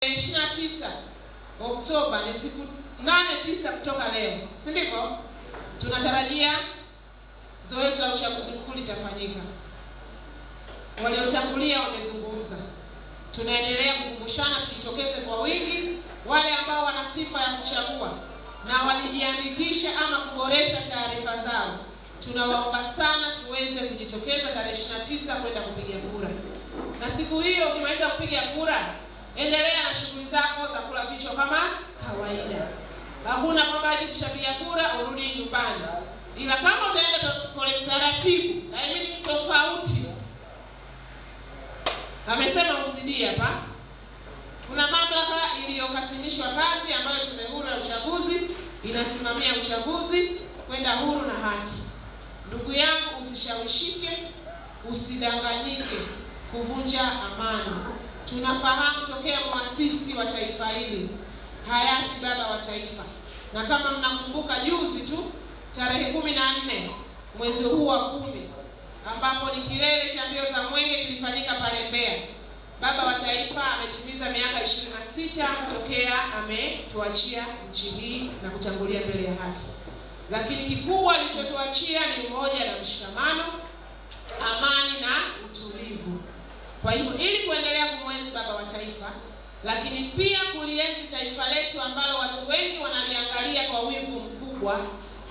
29 Oktoba ni siku 8 9 kutoka leo, si ndivyo? Tunatarajia zoezi la uchaguzi mkuu litafanyika. Waliotangulia wamezungumza, tunaendelea kukumbushana, tujitokeze kwa wingi. Wale ambao wana sifa ya kuchagua na walijiandikisha ama kuboresha taarifa zao, tunawaomba sana tuweze kujitokeza tarehe 29 kwenda kupiga kura, na siku hiyo ukimaliza kupiga kura endelea na shughuli zako za kula vichwa kama kawaida. Hakuna kwamba ati kushapiga kura urudi nyumbani, ila kama utaenda pole taratibu, na hii ni tofauti. Amesema usidie hapa. Kuna mamlaka iliyokasimishwa kazi ambayo Tume Huru ya Uchaguzi inasimamia uchaguzi kwenda huru na haki. Ndugu yangu, usishawishike, usidanganyike kuvunja amani. Tunafahamu tokea mwasisi wa taifa hili hayati baba wa taifa, na kama mnakumbuka juzi tu tarehe kumi na nne mwezi huu wa kumi ambapo ni kilele cha mbio za mwenge kilifanyika pale Mbeya, baba wa taifa ametimiza miaka sita tokea ametuachia nchi hii na kutangulia mbele ya haki, lakini kikubwa alichotuachia ni umoja na mshikamano ama kwa hivyo ili kuendelea kumwenzi baba wa taifa, lakini pia kulienzi taifa letu ambalo watu wengi wanaliangalia kwa wivu mkubwa,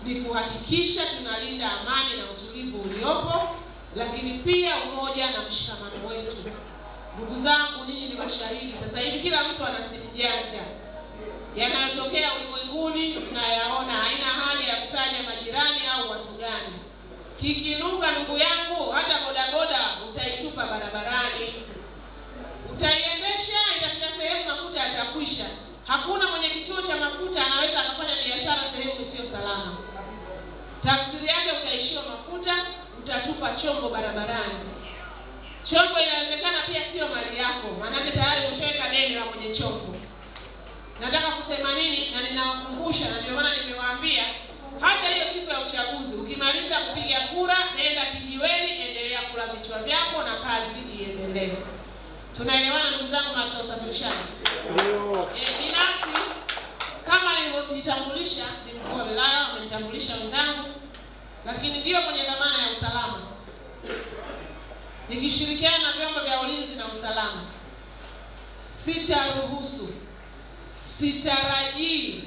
ni kuhakikisha tunalinda amani na utulivu uliopo, lakini pia umoja na mshikamano wetu. Ndugu zangu, nyinyi ni mashahidi sasa hivi, kila mtu ana simu janja. Yanayotokea ulimwenguni tunayaona, haina haja ya kutaja majirani au watu gani. Kikinuka ndugu yangu hata yamekwisha. Hakuna mwenye kituo cha mafuta anaweza akafanya biashara sehemu isiyo salama. Tafsiri yake utaishiwa mafuta, utatupa chombo barabarani. Chombo inawezekana pia sio mali yako, maanake tayari umeshaweka deni la mwenye chombo. Nataka kusema nini? Na ninawakumbusha, na ndio maana nimewaambia hata hiyo siku ya uchaguzi, ukimaliza kupiga kura, nenda kijiweni, endelea kula vichwa vyako na kazi iendelee. Tunaelewana ndugu zangu, maafisa usafirishaji? Ndio. Eh, binafsi kama nilivyojitambulisha, ni mkuu wa wilaya amenitambulisha wenzangu, lakini ndio mwenye dhamana ya usalama nikishirikiana na vyombo vya ulinzi na usalama. Sitaruhusu, sitarajii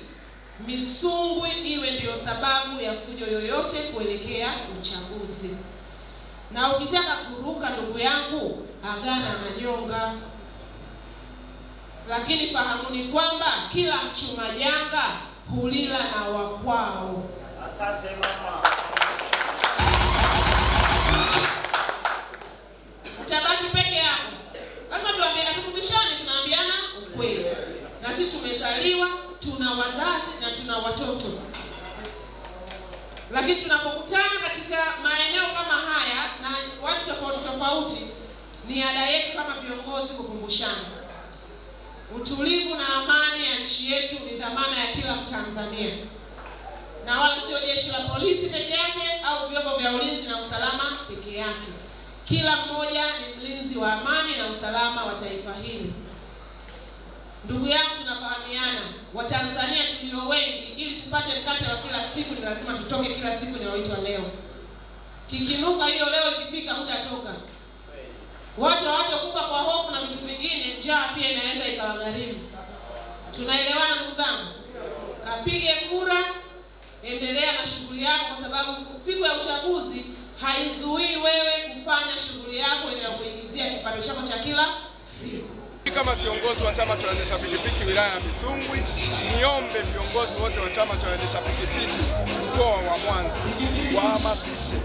misungwi iwe ndiyo sababu ya fujo yoyote kuelekea uchaguzi na ukitaka kuruka, ndugu yangu, agana na nyonga. Lakini fahamuni kwamba kila mchuma janga hulila na wakwao. Asante mama. Utabaki peke yako, lazima tuambie, tukutishane, tunaambiana ukweli, na sisi tumezaliwa, tuna wazazi na tuna watoto lakini tunapokutana katika maeneo kama haya na watu tofauti tofauti, ni ada yetu kama viongozi kukumbushana utulivu na amani ya nchi yetu ni dhamana ya kila Mtanzania, na wala sio jeshi la polisi peke yake au vyombo vya ulinzi na usalama peke yake. Kila mmoja ni mlinzi wa amani na usalama wa taifa hili. Ndugu yangu, tunafahamiana Watanzania tulio wengi, ili tupate mkate wa kila siku ni lazima tutoke kila siku inayoitwa leo. Kikinuka hiyo leo ikifika, hutatoka. Watu kufa kwa hofu na vitu vingine, njaa pia inaweza ikawagharimu. Tunaelewana ndugu zangu? Kapige kura, endelea na shughuli yako, kwa sababu siku ya uchaguzi haizuii wewe kufanya shughuli yako inayokuingizia kipato chako cha kila siku kama kiongozi wa chama cha waendesha pikipiki wilaya ya Misungwi, niombe viongozi wote wa chama cha waendesha pikipiki mkoa wa Mwanza wahamasishe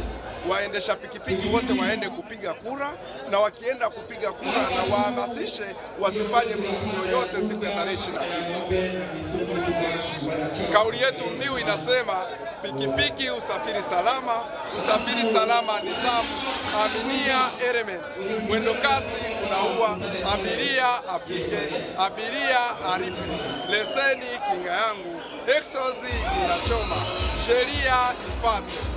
waendesha pikipiki wote waende kupiga kura, na wakienda kupiga kura na wahamasishe wasifanye vurugu yoyote siku ya tarehe 29. Kauli yetu mbiu inasema pikipiki, usafiri salama. Usafiri salama zamu. aminia element, mwendo kasi unaua abiria, afike abiria aripe leseni. Kinga yangu exozi inachoma, sheria ifate.